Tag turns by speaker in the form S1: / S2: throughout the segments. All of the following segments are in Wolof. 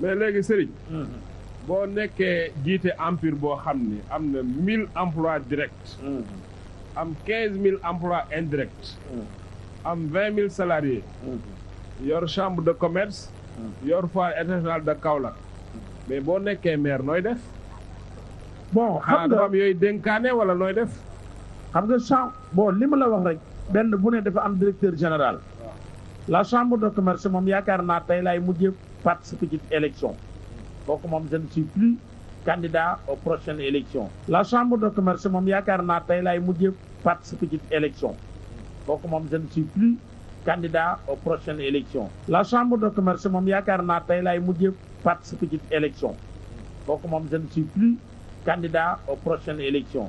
S1: mais léegi sëriñ mm-hmm. boo nekkee jiite empire boo xam ni am na mille emplois directs mm-hmm. am quinze mille emplois indirects mm-hmm. am vingt mille salariés yor chambre de commerce yor foire internationale de Kaolack mais boo nekkee maire nooy def bon xam nga am yooyu dénkaane wala nooy def
S2: xam nga chambre bon li ma la wax rek benn bu ne dafa am directeur général la chambre de commerce moom yaakaar naa tey laay mujjee participer aux élection kooku moom je ne suis plus candidat aux prochaines élections la chambre de commerce moom yaakaar naa tey laay participer ci élection kooku moom je ne suis plus candidat aux prochaines élections la chambre de commerce moom yaakaar naa tey laay participer ci élection kooku moom je ne suis plus candidat aux prochaines élections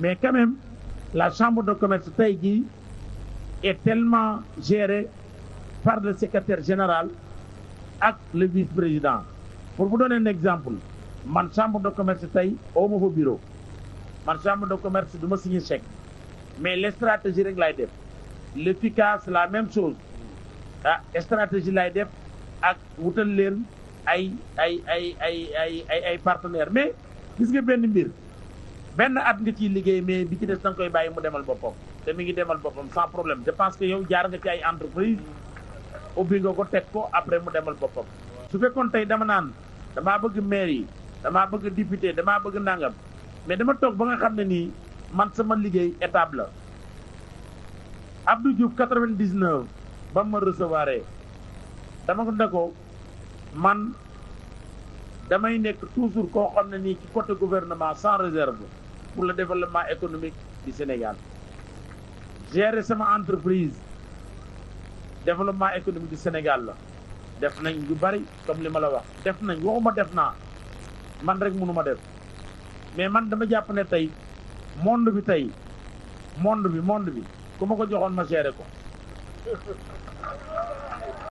S2: mais quand même la chambre de commerce tey est tellement gérée par le secrétaire général ak le vice président pour vous doonee un exemple man chambre de commerce tey aw ma fa bureau man chambre de commerce du ma signé chèque mais les stratégies rek laay def l'efficace la même chose ah stratégie lay def ak wutal leen ay ay ay ay ay ay ay partenaires mais gis nga benn mbir benn at nga ciy liggéey mais bi ci des da koy bàyyi mu demal boppam te mu ngi demal boppam sans problème je pense que yow jaar nga ci ay entreprise ubbi nga ko teg ko après mu demal boppam su fekkoon tey dama naan dama bëgg maire yi dama bëgg député dama bëgg nangam mais dama toog ba nga xam ne nii man sama liggéey étable Abdou Diouf 99 ba ma recevoir dama ko ne ko man damay nekk toujours koo xam ne nii ci côté gouvernement sans réserve pour le développement économique du Sénégal gérer sama entreprise développement économique du Sénégal la def nañ lu bari comme li ma la wax def nañ waxuma def naa man rek mënu def mais man dama jàpp ne tey monde bi tey monde bi monde bi ku ko joxoon ma géré ko